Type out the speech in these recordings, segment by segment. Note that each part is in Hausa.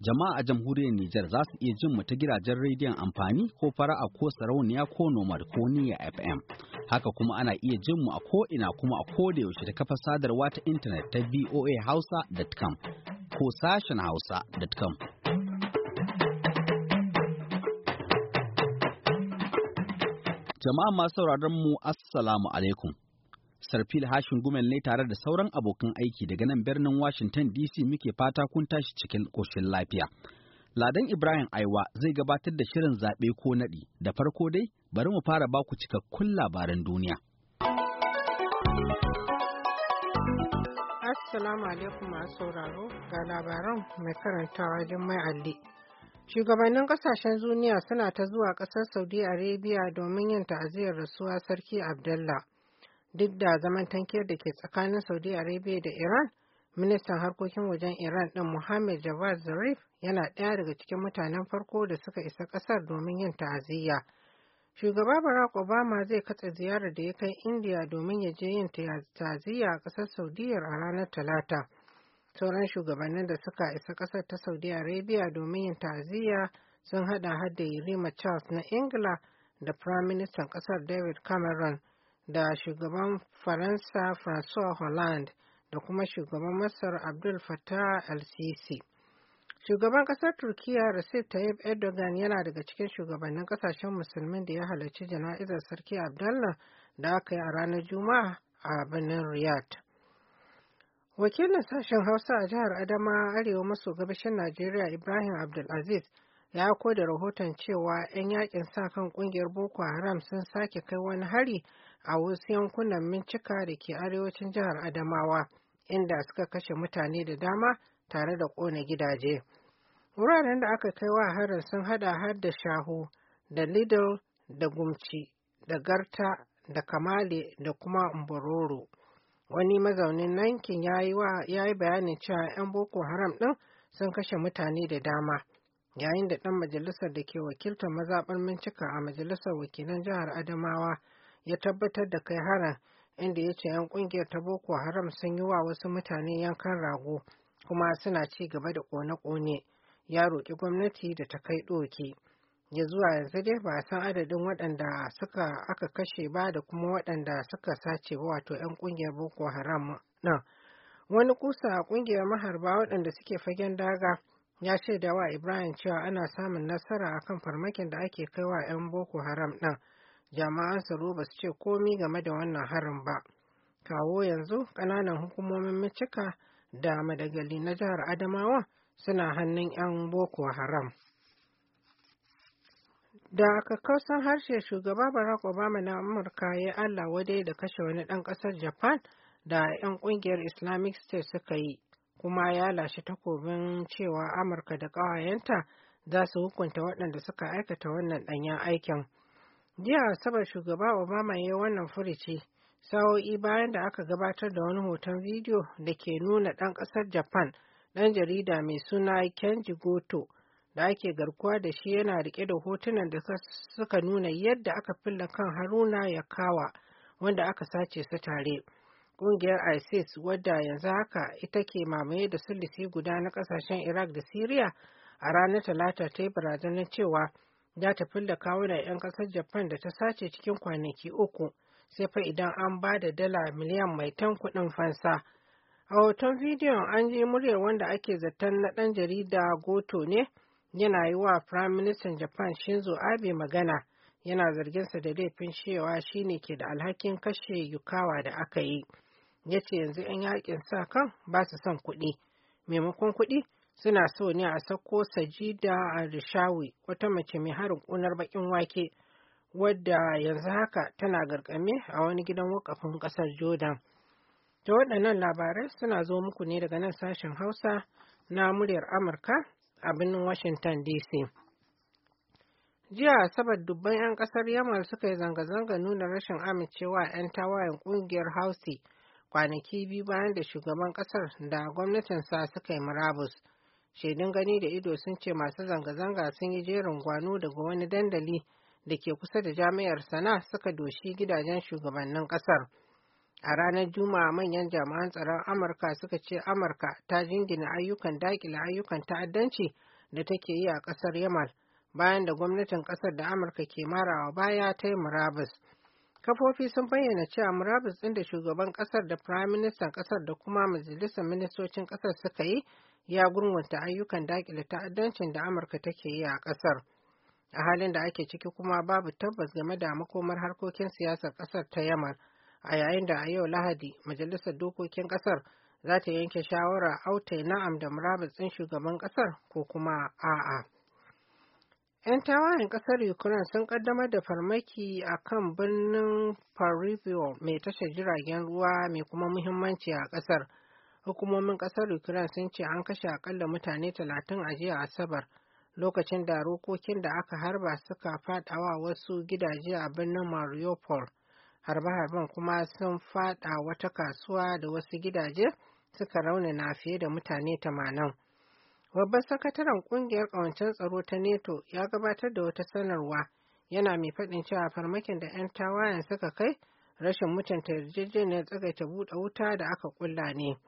Jama'a a jamhuriyar Nijar za su iya jin mu ta gidajen rediyon amfani ko fara'a ko sarauniya ko nomad ko niyya FM. Haka kuma ana iya jin mu a ko'ina kuma a koda yaushe ta kafa sadarwa ta intanet ta voahausa.com ko sashen hausa.com. Jama'a masu sauraron mu Assalamu alaikum. Sarfil Hashin Gumel ne tare da sauran abokan aiki daga nan birnin Washington DC muke fata kun tashi cikin koshin lafiya. Ladan Ibrahim Aiwa zai gabatar da shirin zaɓe ko naɗi. Da farko dai, bari mu fara baku cikakkun labaran duniya. Assalamu alaikum masu sauraro ga labaran mai karantawa Jummai Alli. Shugabannin kasashen duniya suna ta zuwa ƙasar Saudi Arabia domin yin ta'aziyar rasuwa Sarki Abdullah. duk da zaman tankiyar da ke tsakanin saudi arabia da iran ministan harkokin wajen iran din mohammed javad zarif yana ɗaya daga cikin mutanen farko da suka isa ƙasar domin yin ta'aziyya shugaba barack obama zai katse ziyarar da ya kai india domin ya je yin ta'aziyya a ƙasar saudiyar a ranar talata sauran shugabannin da suka isa ƙasar ta saudi arabia domin yin ta'aziyya sun hada da yarima charles na ingila da firaministan ƙasar david cameron da shugaban faransa françois hollande da kuma shugaban masar abdul fattah el-sisi shugaban kasar turkiya recep tayyip erdogan yana daga cikin shugabannin kasashen musulmin da ya halarci jana'izar sarki abdallah da aka yi a ranar juma'a a birnin riyadh wakilin sashen hausa a jihar adama arewa maso gabashin najeriya ibrahim abdulaziz ya koda rahoton cewa 'yan yakin sa kan kungiyar boko haram sun sake kai wani hari a wasu yankunan Mincika da ke arewacin jihar Adamawa, inda suka kashe mutane da dama tare da ƙone gidaje. Wuraren da aka kai wa harin sun hada har da Shahu, da Lidl, da Gumci, da Garta, da Kamale, da kuma Mbororo. Wani mazaunin nankin ya yi bayanin cewa 'yan Boko Haram ɗin sun kashe mutane da dama. Yayin da ɗan majalisar da ke wakiltar mazaɓar Mincika a majalisar wakilan jihar Adamawa ya tabbatar da kai harin inda ya ce 'yan kungiyar ta boko haram sun yi wa wasu mutane yankan rago kuma suna ci gaba da kone-kone ya roƙi gwamnati da ta kai ɗoki ya zuwa yanzu dai ba san adadin waɗanda suka aka kashe ba da kuma waɗanda suka sace wato 'yan kungiyar boko haram nan wani kusa a kungiyar maharba waɗanda suke fagen daga ya ce da ibrahim cewa ana samun nasara akan farmakin da ake kaiwa 'yan boko haram ɗin. jama'an tsaro ba su ce komi game da wannan harin ba kawo yanzu ƙananan hukumomin micika da madagali na jihar adamawa suna hannun 'yan boko haram da kakkausan harshe shugaba barack obama na amurka ya allah wadai da kashe wani ɗan ƙasar japan da 'yan ƙungiyar islamic state suka yi kuma ya lashe takobin cewa amurka da ƙawayenta za su hukunta waɗanda suka aikata wannan ɗanyen aikin Jiya Asabar shugaba Obama ya yi wannan furici sa'o'i bayan da aka gabatar da wani hoton bidiyo da ke nuna ɗan ƙasar Japan ɗan jarida mai suna Kenji Goto da ake garkuwa da shi yana rike da hotunan da suka nuna yadda aka filla kan Haruna Yakawa wanda aka sace su tare. Ƙungiyar ISIS wadda yanzu haka ita ke mamaye da sulisi guda na ƙasashen Iraq da syria a ranar Talata ta yi barazanar cewa ya ta filla kawunan 'yan ƙasar Japan da ta sace cikin kwanaki uku sai fa idan an ba da dala miliyan mai tan kuɗin fansa. A hoton bidiyon an ji muryar wanda ake zaton na ɗan jarida Goto ne yana yi wa Firayim Ministan Japan Shinzo Abe magana yana zarginsa da laifin cewa shi ne ke da alhakin kashe Yukawa da aka yi. Ya ce yanzu 'yan yakin sa kan ba su son kuɗi. Maimakon kuɗi suna so ne a sako sajida a rishawi wata mace mai harin kunar bakin wake wadda yanzu haka tana garkame a wani gidan wakafin kasar jordan ta waɗannan labarai suna zo muku ne daga nan sashen hausa na muryar amurka a birnin washington dc jiya asabar dubban 'yan kasar yamal suka yi zanga-zanga nuna rashin amincewa 'yan tawayen kungiyar hausi kwanaki biyu bayan da shugaban kasar da gwamnatinsa suka yi murabus. shaidun gani da ido sun ce masu zanga-zanga sun yi jerin gwano daga wani dandali da ke kusa da jami'ar sana suka doshi gidajen shugabannin kasar a ranar juma'a manyan jami'an tsaron amurka suka ce amurka ta jingina ayyukan dakile ayyukan ta'addanci da take yi a kasar yamal bayan da gwamnatin kasar da amurka ke marawa baya ta yi murabus kafofi sun bayyana cewa murabus ɗin da shugaban kasar da firayim ministan kasar da kuma majalisar ministocin kasar suka yi ya gurwanta ayyukan dakile ta'addancin da Amurka take yi a ƙasar. A halin da ake ciki kuma babu tabbas game da makomar harkokin siyasar ƙasar ta Yaman, a yayin da a yau Lahadi Majalisar Dokokin ƙasar za ta yanke shawara autai na'am da murabitsin shugaban ƙasar ko kuma a'a. 'Yan tawayen ƙasar Ukraine sun ƙaddamar da farmaki a kan birnin Parivio mai tashar jiragen ruwa mai kuma muhimmanci a ƙasar. hukumomin kasar ukraine sun ce an kashe akalla mutane talatin a jiya asabar lokacin da rokokin da aka harba suka fadawa wasu gidaje a birnin mariupol harbe-harben kuma sun fada wata kasuwa da wasu gidaje suka raunana fiye da mutane tamanin babban sakataren kungiyar kawancen tsaro ta neto ya gabatar da wata sanarwa yana mai faɗin cewa farmakin da 'yan tawayen suka kai rashin mutunta yarjejeniyar tsagaita buɗe wuta da aka kulla ne.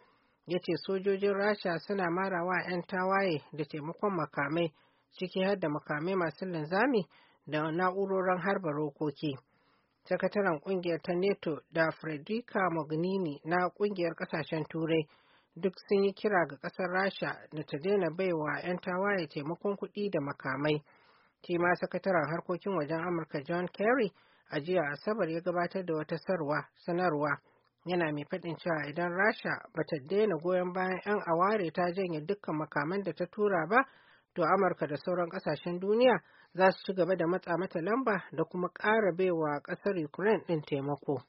ya ce sojojin rasha suna marawa 'yan tawaye da taimakon makamai ciki har da makamai masu linzami da na'urorin harba rokoki sakataren kungiyar ta neto da frederica magnini na kungiyar kasashen turai duk sun yi kira ga kasar rasha da ta daina baiwa 'yan tawaye taimakon kuɗi da makamai shi ma sakataren harkokin wajen amurka john kerry a jiya asabar ya gabatar da wata sanarwa yana mai faɗin cewa idan rasha ba ta daina goyon bayan 'yan aware ta janye dukkan makaman da ta tura ba to amurka da sauran ƙasashen duniya za su ci gaba da matsa mata lamba da kuma ƙara baiwa ƙasar ukraine ɗin taimako.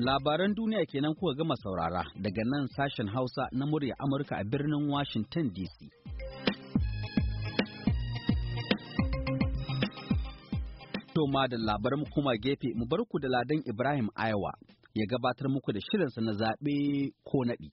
Labaran duniya kenan kuka gama saurara daga nan sashen Hausa na murya Amurka a birnin Washington DC. To ma da labaran kuma gefe mu bar ku da ladan Ibrahim Ayawa ya gabatar muku da shirinsa na zaɓe ko naɗi.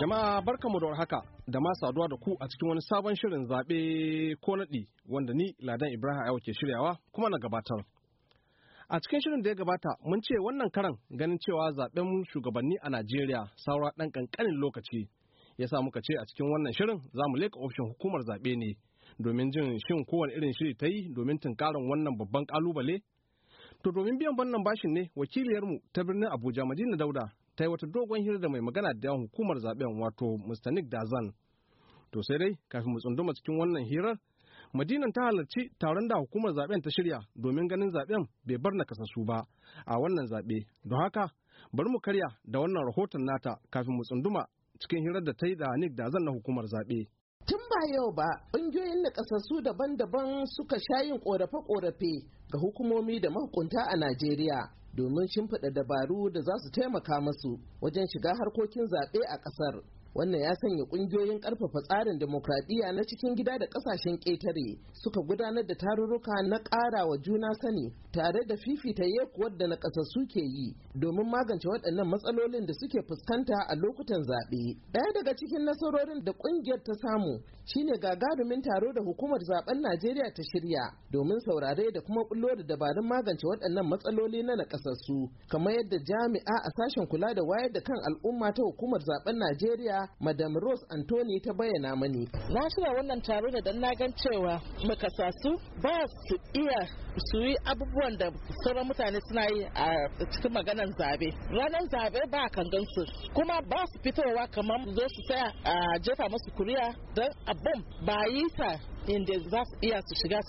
Jama'a barkamu da warhaka. da ma saduwa da ku a cikin wani sabon shirin zaɓe ko naɗi wanda ni Ladan Ibrahim Ayo ke shiryawa kuma na gabatar. A cikin shirin da ya gabata mun ce wannan karan ganin cewa zaɓen shugabanni a Najeriya saura ɗan ƙanƙanin lokaci ya sa muka ce a cikin wannan shirin za mu leƙa ofishin hukumar zaɓe ne domin jin shin kowane irin shiri ta yi domin tunkarin wannan babban ƙalubale. To domin biyan wannan bashin ne wakiliyarmu ta birnin Abuja Madina Dauda ta yi wata dogon hira da mai magana da yawan hukumar zaben wato Mr. Nick Dazan. To sai dai kafin mu tsunduma cikin wannan hirar, Madinan ta halarci taron da hukumar zaben ta shirya domin ganin zaben bai bar na kasasu ba a wannan zabe. Don haka, bari mu karya da wannan rahoton nata kafin mu tsunduma cikin hirar da ta yi da Nick Dazan na hukumar zaɓe. Tun ba yau ba, ƙungiyoyin nakasassu daban-daban suka sha yin ƙorafe-ƙorafe ga hukumomi da mahukunta a Najeriya domin shimfiɗa dabaru da za su taimaka masu wajen shiga harkokin zaɓe a ƙasar. wannan ya sanya kungiyoyin karfafa tsarin demokradiyya na cikin gida da kasashen ƙetare suka gudanar da tarurruka na ƙara wa juna sani tare da fifita yekuwar da nakasassu ke yi domin magance waɗannan matsalolin da suke fuskanta a lokutan zaɓe ɗaya daga cikin nasarorin da ƙungiyar ta samu shine gagarumin taro da hukumar zaben najeriya ta shirya domin saurare da kuma bullo da dabarun magance waɗannan matsaloli na nakasassu kamar yadda jami'a a sashen kula da wayar da kan al'umma ta hukumar zaben najeriya madam rose anthony ta bayyana mani na shirya wannan taro da dan na gan cewa makasasu ba su iya su yi abubuwan da sauran mutane suna yi a cikin maganan zabe ranar zabe ba kan su kuma ba su fitowa kamar zo su saya a jefa masu kuriya don abin ba yi ta inda za su iya su shiga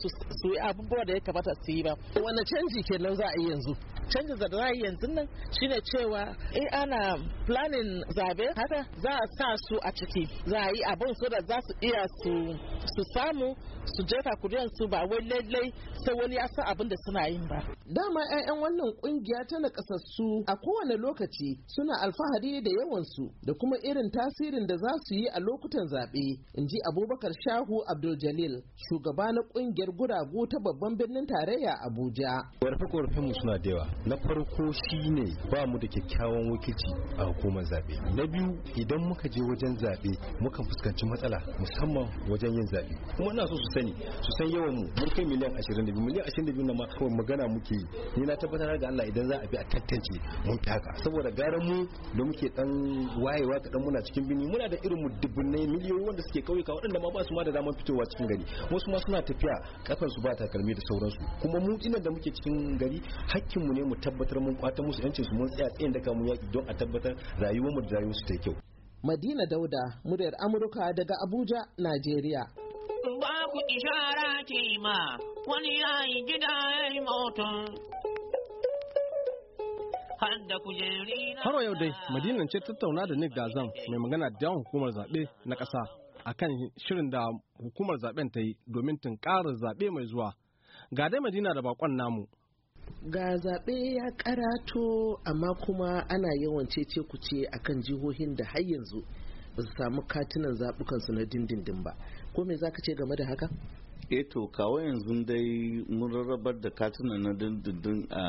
su yi abubuwa da ya kamata su yi ba wani canji kenan za a yi yanzu canjin da za a yi yanzu nan shine cewa in ana planning zabe haka za a sa su a ciki za a yi abin so da za su iya su samu su jefa kuriyar su ba wai lallai sai wani ya san abin da suna yin ba dama 'ya'yan wannan kungiya ta kasassu a kowane lokaci suna alfahari da yawan su da kuma irin tasirin da za su yi a lokutan zaɓe in ji abubakar shahu abdul ismail shugaba na kungiyar guragu ta babban birnin tarayya abuja ƙorafe ƙorafen mu suna da yawa na farko shine ba mu da kyakkyawan wakilci a hukumar zaɓe na biyu idan muka je wajen zaɓe muka fuskanci matsala musamman wajen yin zaɓe kuma ina so su sani su san yawan mu mun kai miliyan 22 miliyan 22 na ma kawai magana muke yi ni na tabbatar da Allah idan za a bi a tantance mun taka saboda gara mu da muke dan wayewa kadan muna cikin bini muna da irin mu dubbunai miliyoyi wanda suke kauyuka waɗanda ma ba su ma da damar fitowa cikin gari wasu ma suna tafiya kafin su ba takalmi da sauransu kuma mu ina da muke cikin gari hakkin mu ne mu tabbatar mun kwata musu yancin su mun tsaya tsayin daga mu yaki don a tabbatar rayuwar mu da rayuwar su ta kyau Madina Dauda muryar Amurka daga Abuja Najeriya ba ku ishara ce ma wani yayi gida yayi motun Har yau dai, Madinan ce tattauna da Nick Gazan mai magana da yawan hukumar zaɓe na ƙasa akan shirin da hukumar zaben ta yi domin tunkarar zaɓe mai zuwa. Ga dai Madina da bakon namu. ga zaɓe ya karato amma kuma ana yawan cece kuce a kan jihohin da har yanzu ba su samu katunan zaɓukansu na dindindin ba ko me za ka ce game da haka e to kawo yanzu dai mun rarrabar da katunan na dindindin a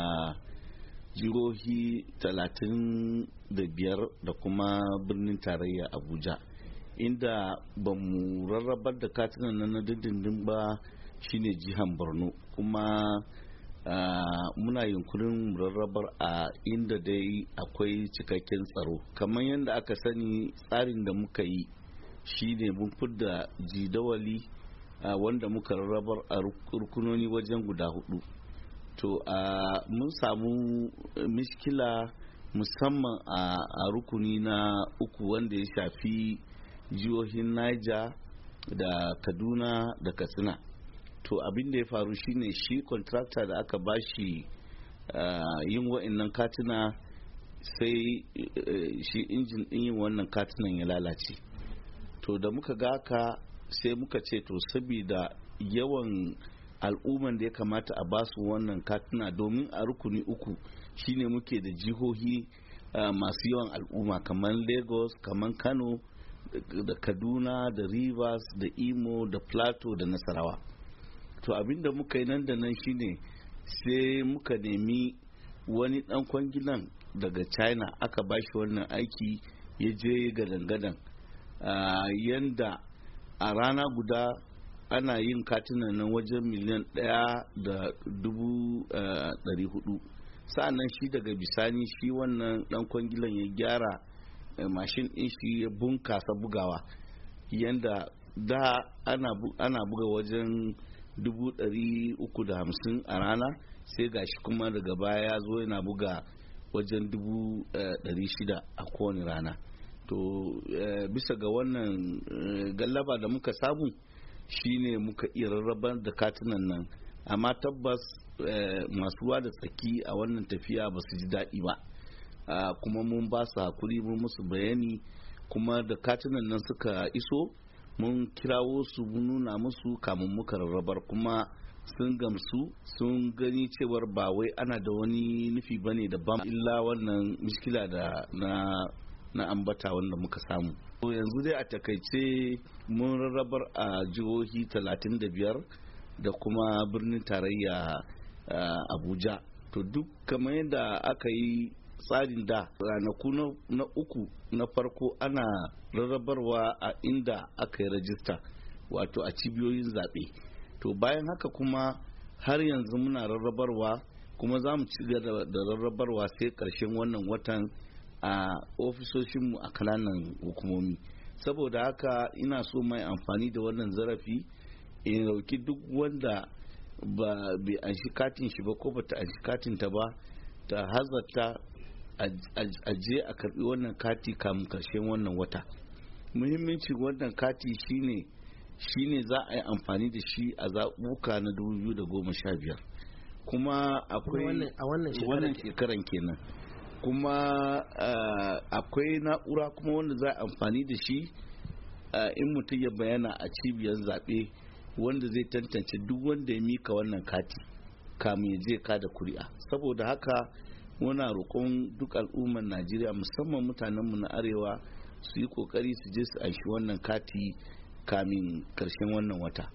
da 35 da kuma birnin tarayya abuja inda ba mu rarrabar da katunan na dindindin ba shine jihan borno kuma muna yunkurin rarrabar a inda dai akwai cikakken tsaro kamar yadda aka sani tsarin da muka yi shine mun fidda jidawali wanda muka rarrabar a rukunoni wajen guda hudu to mun samu miskila musamman a rukuni na uku wanda ya shafi jihohin niger da kaduna da katsina to abin da ya faru shine shi contractor da aka bashi yin wa'annan katuna sai e, shi injin din yin wannan katinan ya lalace to da muka ga ka sai muka ce to saboda yawan al'umman da ya kamata a basu wannan katuna domin a rukuni uku shine muke da jihohi masu yawan al'umma kamar lagos kamar kano da kaduna da rivers da imo da plateau da nasarawa to abinda muka yi nan da nan shine sai muka nemi wani dan kwangilan daga china aka bashi wannan aiki ya je gadan-gadan ah, yanda a rana guda ana yin katinan nan wajen miliyan ɗaya da dubu dari ah, hudu sa'annan shi daga bisani shi wannan dan kwangilan ya gyara Eh, mashin din shi ya bunkasa bugawa yadda da ana buga wajen 350 a rana sai gashi kuma daga baya ya zo yana buga wajen 600 eh, a kowane rana to eh, bisa ga wannan gallaba da muka samu shine muka iya rarraba da katunan nan amma tabbas masu ruwa da tsaki a wannan tafiya ba su ji daɗi ba kuma mun ba su hakuri mun musu bayani kuma da katunan nan suka iso mun kirawo su nuna musu kamun muka rarrabar kuma sun gamsu sun gani cewar ba wai ana da wani nufi bane ne ban illa wannan miskila da na na ambata wanda muka samu to yanzu dai a takaice mun rarrabar a jihohi 35 da kuma birnin tarayya abuja to duk kamar yadda aka yi tsarin da ranaku na uku na farko ana rarrabarwa a inda aka yi rajista wato a cibiyoyin zaɓe to bayan haka kuma har yanzu muna rarrabarwa kuma za mu ci da rarrabarwa sai ƙarshen wannan watan a ofisoshinmu a kananan hukumomi saboda haka ina so mai amfani da wannan zarafi in rauki duk wanda ba bai an shi katin shi ba ko bata an shi katin ta ba ta hazarta a je a karbi wannan kati kamun karshen wannan wata muhimmanci wannan kati shine shine za a yi amfani da shi a zaɓuka na 2015 kuma akwai wannan shekaran kenan kuma akwai na'ura kuma wanda za a amfani da shi in mutum ya bayana a cibiyar zaɓe wanda zai tantance duk wanda ya mika wannan kati kamun ya je kada kuri'a saboda haka muna roƙon duk al'ummar najeriya musamman mutanenmu na arewa su yi ƙoƙari su je su aishi wannan kati kamin ƙarshen wannan wata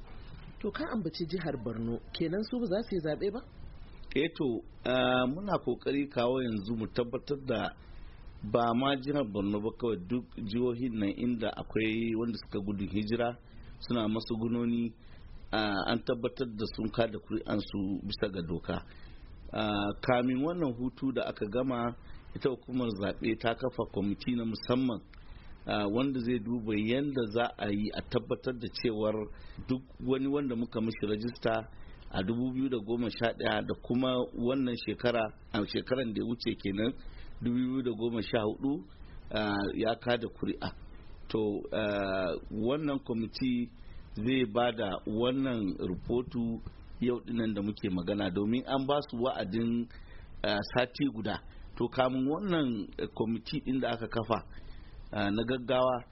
to ka ambaci jihar borno kenan su za su yi zaɓe ba eto eh to muna kokari kawo yanzu mu tabbatar da ba ma jihar borno ba kawai duk jihohin nan inda akwai wanda suka gudun hijira suna masu gunoni an tabbatar da sun kada kuri'ansu bisa ga doka kamin wannan hutu da aka gama ita hukumar zaɓe ta kafa kwamiti na musamman wanda zai duba yadda za a yi a tabbatar da cewar duk wani wanda muka mishi rajista a 2011 da kuma wannan shekara a shekaran da ya wuce kenan 2014 ya kada kuri'a to wannan kwamiti zai ba da wannan rubutu yau dinan da muke magana domin an ba su wa'adin eh, sati guda to kamun wannan eh, kwamiti din da aka kafa eh, na gaggawa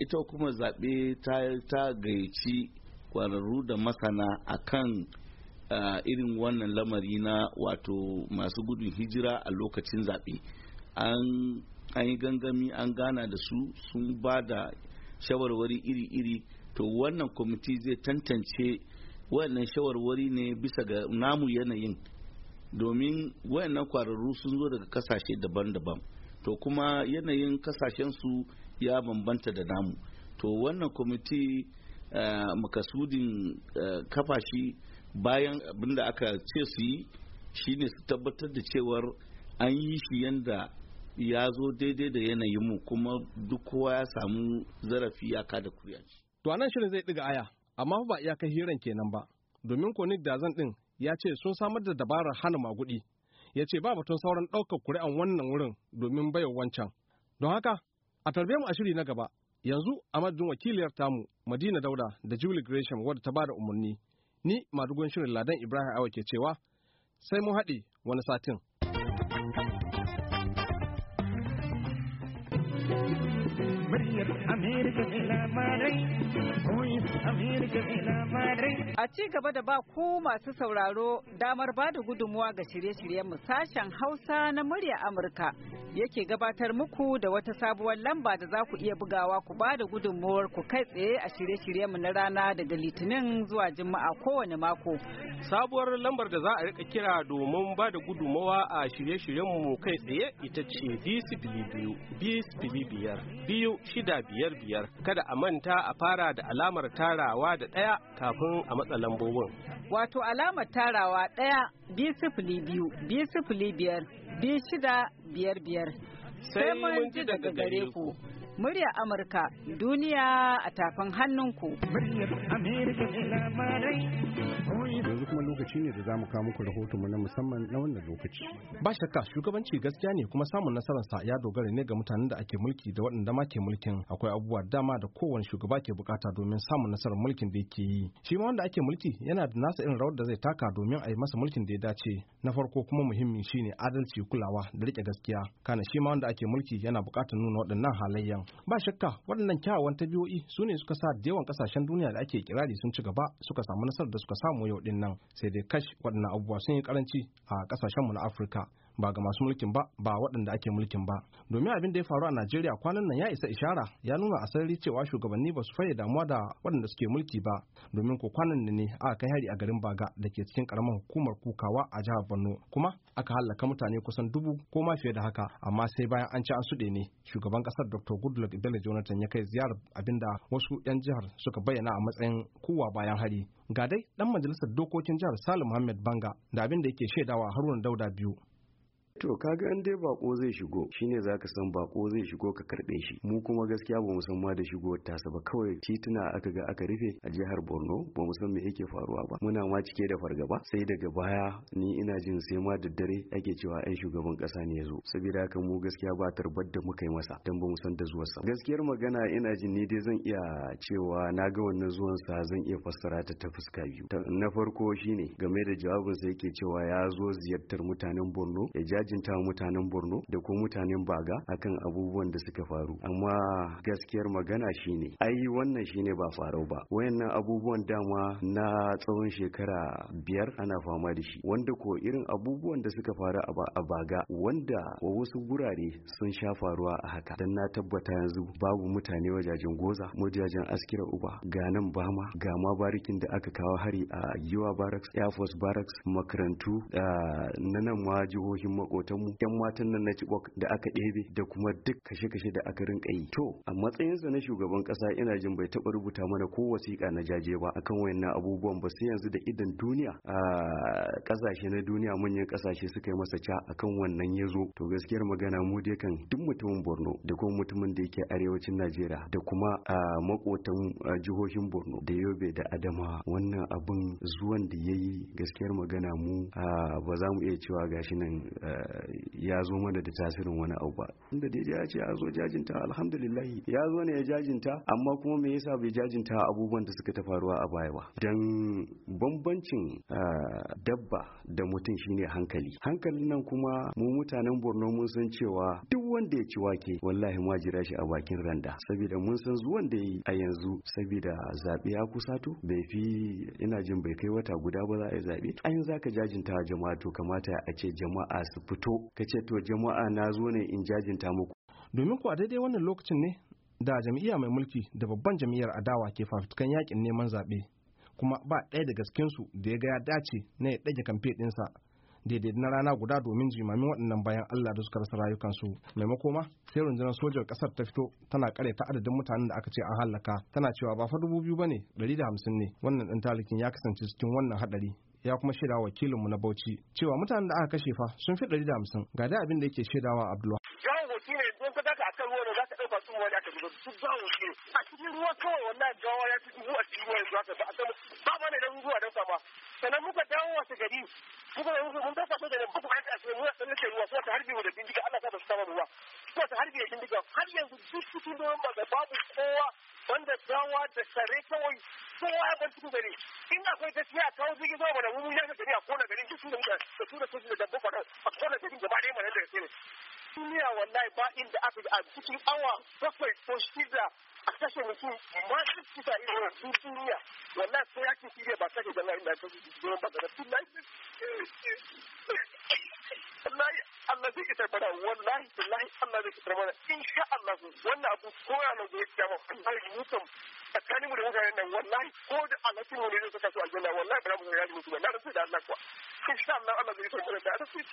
ita kuma zaɓe ta gayyaci kwararru da masana a kan irin wannan lamari na wato masu gudun hijira a lokacin zaɓe an yi gangami an gana da su sun ba da shawarwari iri-iri to wannan kwamiti zai tantance wayannan shawarwari ne bisa ga namu yanayin domin wayannan kwararru sun zo daga kasashe daban-daban to kuma yanayin kasashensu ya bambanta da namu to wannan kwamiti eh, makasudin uh, eh, kafashi bayan abinda aka ce su yi shine su tabbatar da cewar an yi shi yanda ya zo daidai da yanayinmu kuma duk kowa ya samu zarafi ya kada kuriya. To anan shirin zai ɗiga aya Amma ba kai hiran kenan ba, domin ko Nick Dazan ɗin ya ce sun samar da dabarar hana maguɗi. Ya ce ba batun sauran ɗaukar kuri'an wannan wurin domin baiwa wancan. Don haka, a tarbe mu a shiri na gaba, yanzu a madadin wakiliyar tamu Madina Dauda da Julie Gresham wadda ta ba da umarni. Ni madugun shirin Ladan Ibrahim Awa ke cewa, sai mun haɗe wani satin. A ci gaba da ba ku masu sauraro damar ba da gudunmuwa ga shirye-shiryen sashen Hausa na murya Amurka yake gabatar muku da wata sabuwar lamba da za ku iya bugawa ku ba da gudunmuwar ku kai tsaye a shirye-shiryenmu na rana daga Litinin zuwa Juma'a kowane mako. Sabuwar lambar da za a rika kira domin ba da gudunmuwa a shirye-shiryenmu kai tsaye ita ce biyu shida biyar biyar kada a manta a fara da alamar tarawa da ɗaya kafin a matsa lambobin. Wato alamar tarawa ɗaya biyu sifili biyu biyu sifili biyar bi shida biyar biyar. Sai mun ji daga gare ku. Murya Amurka duniya a tafin hannunku. Yanzu kuma lokaci ne da za mu kawo muku rahotonmu na musamman na wannan lokaci. Ba shakka shugabanci gaskiya ne kuma samun nasararsa ya dogara ne ga mutanen da ake mulki da waɗanda ma ke mulkin akwai abubuwa dama da kowane shugaba ke bukata domin samun nasarar mulkin da yake yi. Shi ma wanda ake mulki yana da nasa irin rawar da zai taka domin a yi masa mulkin da ya dace. Na farko kuma muhimmin shine adalci kulawa da rike gaskiya. Kana shi ma wanda ake mulki yana bukatar nuna waɗannan halayyan Ba shakka waɗannan kyawawan tabiyoyi su ne suka sa da yawan ƙasashen duniya da ake kirari sun ci gaba suka samu nasarar da suka samu yau ɗin nan sai dai kash waɗannan abubuwa sun yi ƙaranci a ƙasashenmu na Afirka. ba ga masu mulkin ba ba waɗanda ake mulkin ba domin abin da ya faru a najeriya kwanan nan ya isa ishara ya nuna asali cewa shugabanni ba su faye damuwa da waɗanda suke mulki ba domin ko kwanan ne aka kai hari a garin baga da ke cikin karamar hukumar kukawa a jihar borno kuma aka hallaka mutane kusan dubu ko ma fiye da haka amma sai bayan an ci an suɗe ne shugaban ƙasar dr goodluck bello jonathan ya kai ziyarar abin da wasu 'yan jihar suka bayyana a matsayin kowa bayan hari ga dai dan majalisar dokokin jihar salim muhammad banga da abin da yake shaidawa haruna dauda biyu to kaga in dai bako zai shigo shine zaka san bako zai shigo ka karbe shi mu kuma gaskiya ba mu san ma da shigo tasa ba kawai tituna aka ga aka rufe a jihar Borno ba mu san me yake faruwa ba muna ma cike da fargaba sai daga baya ni ina jin sai ma da dare ake cewa ai shugaban kasa ne yazo saboda haka mu gaskiya ba tarbar da muka yi masa dan ba mu san da zuwan sa gaskiyar magana ina jin ni dai zan iya cewa na ga wannan zuwan sa zan iya fassara ta ta fuska biyu na farko shine game da jawabin sa yake cewa ya zo ziyartar mutanen Borno ya jajinta mutanen borno da ko mutanen baga akan abubuwan da suka faru amma gaskiyar magana shine ai wannan shine ba farau ba wayannan abubuwan dama na tsawon shekara biyar ana fama da shi wanda ko irin abubuwan da suka faru a baga wanda wa wasu gurare sun sha faruwa a haka dan na tabbata yanzu babu mutane wajajen goza wajajen askira uba ga nan bama ga ma barikin da aka kawo hari a giwa barracks air force barracks makarantu ah, na nan ma jihohin mako mu yan matan nan na ci Chibok da aka ɗebe da kuma duk kashe-kashe da aka rinka yi to a matsayinsa na shugaban ƙasa ina jin bai taɓa rubuta mana ko wasiƙa na jaje ba akan wayannan abubuwan ba sai yanzu da idan duniya a ƙasashe na duniya manyan ƙasashe suka yi masa ca akan wannan ya zo to gaskiyar magana mu dai kan duk mutumin Borno da kuma mutumin da yake arewacin Najeriya da kuma a makotan jihohin Borno da Yobe da Adama wannan abin zuwan da ya yi gaskiyar magana mu ba za mu iya cewa gashi nan ya zo mana da tasirin wani abu ba inda dai ya ce ya zo jajinta alhamdulillah ya zo ne ya jajinta amma kuma me yasa bai jajinta abubuwan da suka ta faruwa a baya ba dan bambancin ah, dabba da mutum shine hankali hankalin nan kuma mu mutanen Borno mun san cewa duk wanda ya ci wake wallahi ma jira shi a bakin randa saboda mun san zuwan da yi a yanzu saboda zabe ya kusato bai fi ina jin bai kai wata guda ba za a yi zabe ayin zaka jajinta jama'a to kamata a ce jama'a su fito fito ka ce to jama'a na zo ne in jajinta muku domin kuwa daidai wannan lokacin ne da jam'iyya mai mulki da babban jam'iyyar adawa ke fafutukan yakin neman zaɓe kuma ba ɗaya da su da ya ga ya dace na ya ɗage kamfe ɗinsa daidai na rana guda domin jimamin waɗannan bayan Allah da suka rasa rayukansu maimako ma sai rundunar sojar ƙasar ta fito tana ƙare ta adadin mutanen da aka ce an hallaka tana cewa ba fa dubu biyu ba ne ɗari da hamsin ne wannan ɗan talikin ya kasance cikin wannan haɗari ya kuma shaida wakilinmu na Bauchi cewa mutanen da aka kashe fa sun fi ɗari da hamsin ga dai abin da yake shaidawa Abdullahi. Jawo shi ne don ka daka akan ruwa za ka ɗauka su wani aka zuba su jawo shi a cikin ruwa kawai wannan jawo ya ci ruwa a cikin ruwa yanzu aka ba a sama ba ma ne don ruwa don sama sannan muka dawo wata gari muka da muka mun ɗauka su da ne ba ku haka a cikin ruwa sun nake ruwa suka ta harbi da bindiga Allah ta da su sama ruwa suka ta harbi da bindiga har yanzu duk cikin ruwan ba babu kowa wanda jawa da sare kawai kowa ya bar cikin gari in akwai gaskiya kawo jirgin zuwa da mu yanka gari a kona da su da mutane da su da su da dabba kwanan a kona garin gaba ɗaya mana da gaske ne duniya wallahi ba inda aka yi a cikin awa bakwai ko shida a mutum masu kisa irin sun siriya sai yakin siriya ba kashe jama'a inda ta su zuwa ba da wallahi Allah zai ba na rasu da Allah kuwa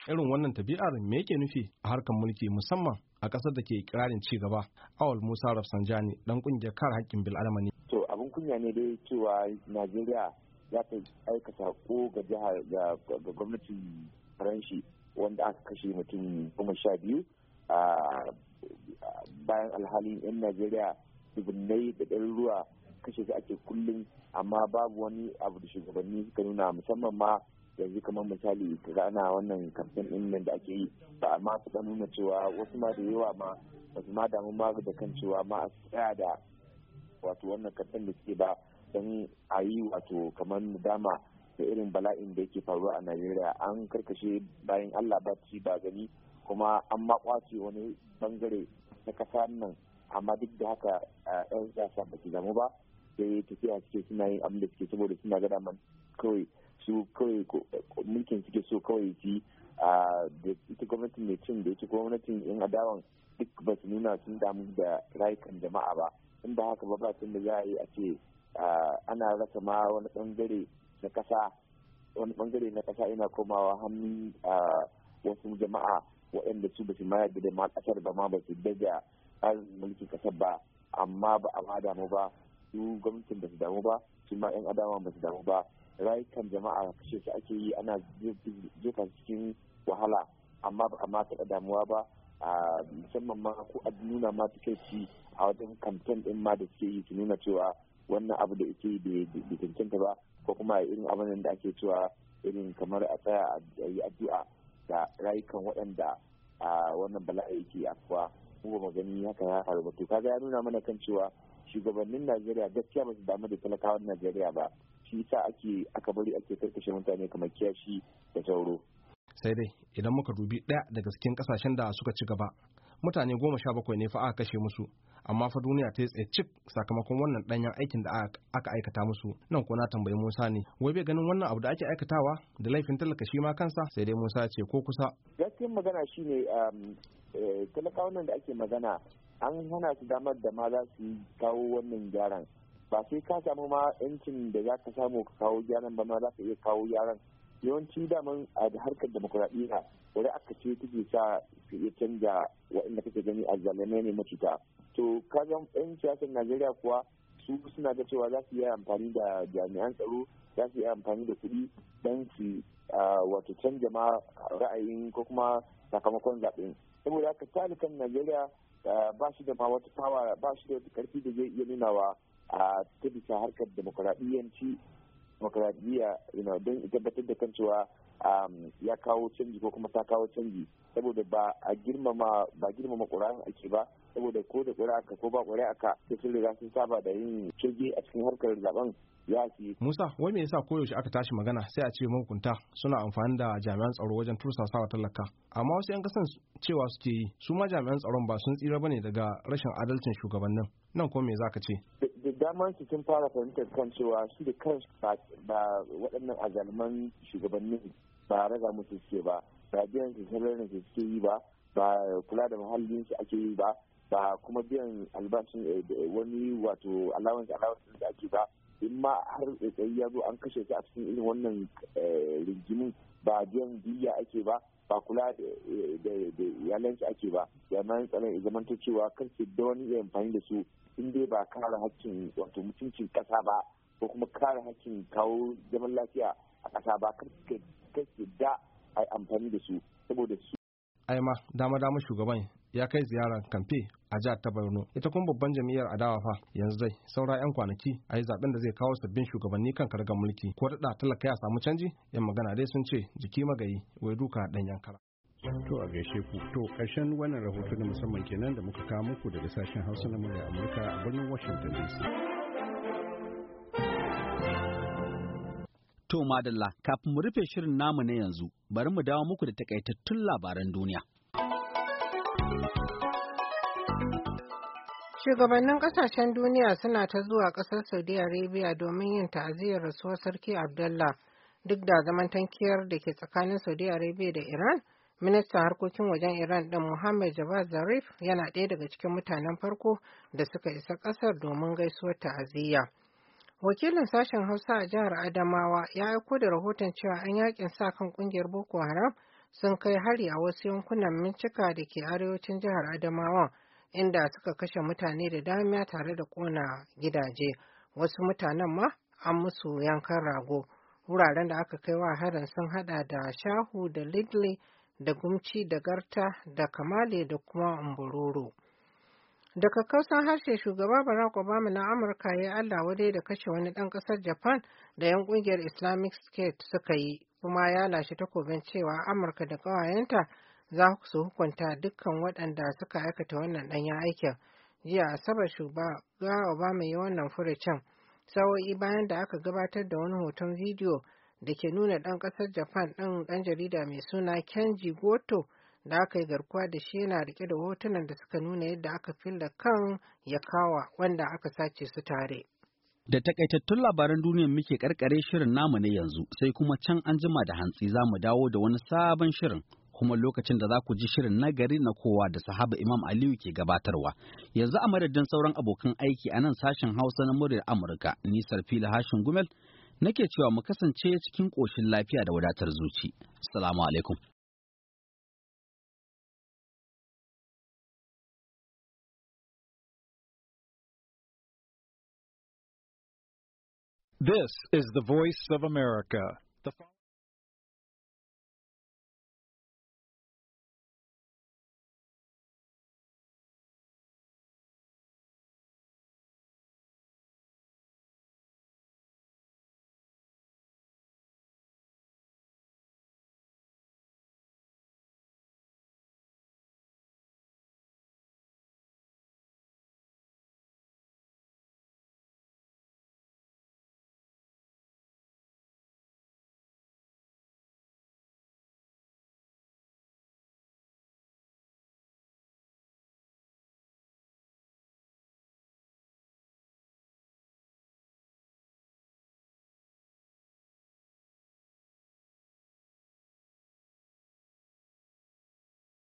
irin wannan tabi'ar me yake nufi a harkar mulki musamman a ƙasar da ke kirarin ci gaba awal musa rafsanjani dan kungiyar kare haƙƙin bil'adama ne to abin kunya ne dai cewa najeriya za ta aika sako ga jihar ga gwamnatin faranshi wanda aka kashe mutum kuma sha biyu a bayan alhalin 'yan najeriya dubunnai da ɗaruruwa kashe su ake kullum amma babu wani abu da shugabanni suka nuna musamman ma yanzu kamar misali ka rana wannan kamfen din nan da ake yi ba amma su dan nuna cewa wasu ma da yawa ma wasu ma damu ma da kan cewa ma a tsaya da wato wannan kamfen da suke ba don a yi wato kamar dama da irin bala'in da yake faruwa a najeriya an karkashe bayan allah ba ci ba gani kuma an ma kwace wani bangare na kasa nan amma duk da haka yan siyasa ba su damu ba sai tafiya suke suna yin abin da suke saboda suna ga daman kawai su kawai mulkin suke so kawai su a da ita gwamnatin mai cin da ita gwamnatin yan adawan duk ba su nuna sun damu da rayukan jama'a ba inda haka ba ba sun da za a yi a ce ana rasa ma wani bangare na kasa wani bangare na kasa yana komawa hannun wasu jama'a waɗanda su ba su ma yadda da ma kasar ba ma ba su daga tsarin mulkin kasar ba amma ba a ba damu ba su gwamnatin ba su damu ba su ma yan adawa ba su damu ba rayukan jama'a kashe su ake yi ana jefa cikin wahala amma ba a mata damuwa ba a musamman ma ko a nuna ma ta takaici a wajen kamfen din ma da suke yi su nuna cewa wannan abu da ake yi cancanta ba ko kuma irin abin da ake cewa irin kamar a tsaya a yi addu'a da rayukan waɗanda a wannan bala'i yake afuwa mu ba gani haka ya faru ba to kaga ya nuna mana kan cewa shugabannin Najeriya gaskiya ba su damu da talakawan Najeriya ba shi sa ake aka bari ake karkashe mutane kamar kiyashi da sauro sai dai idan muka dubi ɗaya daga cikin kasashen da suka ci gaba mutane goma sha bakwai ne fa aka kashe musu amma fa duniya ta tsaye cik sakamakon wannan ɗanyen aikin da aka aikata musu nan ko na tambayi Musa ne wai bai ganin wannan abu da ake aikatawa da laifin talaka shi ma kansa sai dai Musa ce ko kusa gaskiyar magana shine um, eh, talakawan da ake magana an hana su damar da ma za su kawo wannan gyaran ba sai ka samu ma yancin da za ka samu ka kawo gyaran ba ma za ka iya kawo gyaran yawanci daman a harkar demokuraɗiyya wani aka ce take sa su iya canja waɗanda kake gani a zalimai ne mafita to kaza yan siyasar najeriya kuwa su suna da cewa za su yi amfani da jami'an tsaro za su yi amfani da kuɗi don su wato canja ma ra'ayin ko kuma sakamakon zaɓen saboda haka talikan najeriya ba shi da ma wata power ba shi da wata karfi da zai iya nuna wa a ta bisa harkar demokuraɗiyyanci demokuraɗiyya don tabbatar da kan cewa um, ya kawo canji ko kuma ta kawo canji saboda ba a girmama ba girmama ake ba saboda ko da ƙuri'a ka ko ba ƙuri'a ka sai sun riga sun saba da yin shirge a cikin harkar zaben ya ke. Musa wai me yasa koyaushe aka tashi magana sai a ce mahukunta suna amfani da jami'an tsaro wajen tursasawa talaka amma wasu 'yan kasan cewa suke yi su ma jami'an tsaron ba sun tsira bane daga rashin adalcin shugabannin nan ko me za ka ce. Da daman su sun fara fahimtar kan cewa su da kansu ba waɗannan azalman shugabannin ba raga musu suke ba ba biyan salarin da suke yi ba ba kula da muhallin su ake yi ba ba kuma biyan albashin eh, wani wato allowance allowance da ake ba in ma har tsayi ya zo an kashe su a cikin irin wannan eh, rigimin ba biyan biya ake ba ba kula da eh, iyalanci ake ba jami'an tsaron ya ta cewa kan su da wani iya amfani da su in dai ba kare hakkin wato mutuncin kasa ba ko kuma kare hakkin kawo zaman lafiya a kasa ba kan su da Ai amfani da su saboda su aima dama dama shugaban ya kai ziyarar kamfe a jihar ta borno ita kuma babban jam'i'ar adawa fa yanzu zai saura yan kwanaki a yi zaben da zai kawo sabbin shugabanni kan kargar mulki ko daɗa talaka ya samu canji yan magana dai sun ce jiki magayi wai duka ɗan yankara To a gaishe ku to ƙarshen wannan rahoto na musamman kenan da muka kawo muku daga sashen Hausa na murya Amurka a birnin Washington DC. To madalla kafin mu rufe shirin namu na yanzu bari mu dawo muku da takaitattun labaran duniya. Shugabannin kasashen duniya suna ta zuwa ƙasar Saudi Arabia domin yin ta'aziyar rasuwar Sarki Abdullah duk da zaman tankiyar da ke tsakanin Saudi Arabia da Iran. Ministan harkokin wajen Iran ɗin Muhammad Javad Zarif yana ɗaya daga cikin mutanen farko da suka isa ƙasar domin gaisuwar ta'aziyya. wakilin sashen hausa a jihar adamawa ya aiko da rahoton cewa an yakin sa kan kungiyar boko haram sun kai hari a wasu yankunan mincika da ke arewacin jihar adamawa inda suka kashe mutane da damiya tare da kona gidaje wasu mutanen ma an musu yankan rago wuraren da aka kai wa harin sun hada da shahu da lidley da gumci da garta da kamale da kuma umbororo. Da kakkausan harshe shugaba Barack Obama na Amurka ya Allah wadai da kashe wani dan kasar Japan da 'yan kungiyar Islamic State suka yi, kuma ya lashe takobin cewa Amurka da kawayenta za su hukunta dukkan waɗanda suka aikata wannan ɗanyen aikin. Jiya Asabar shugaba Obama ya wannan furucin. Sawo'i bayan da aka gabatar da wani hoton vidiyo da ke nuna ɗan ƙasar Japan ɗin ɗan jarida mai suna Kenji Goto da aka yi garkuwa da shi yana rike da hotunan da suka nuna yadda aka filla kan ya kawa wanda aka sace su tare. Da takaitattun labaran duniyar muke karkare shirin namu ne yanzu sai kuma can an jima da hantsi za mu dawo da wani sabon shirin kuma lokacin da za ku ji shirin na gari na kowa da sahaba Imam Aliyu ke gabatarwa. Yanzu a madadin sauran abokan aiki a nan sashen Hausa na muryar Amurka, nisar fili hashin gumel, nake cewa mu kasance cikin ƙoshin lafiya da wadatar zuci. Salamu alaikum. This is the voice of America.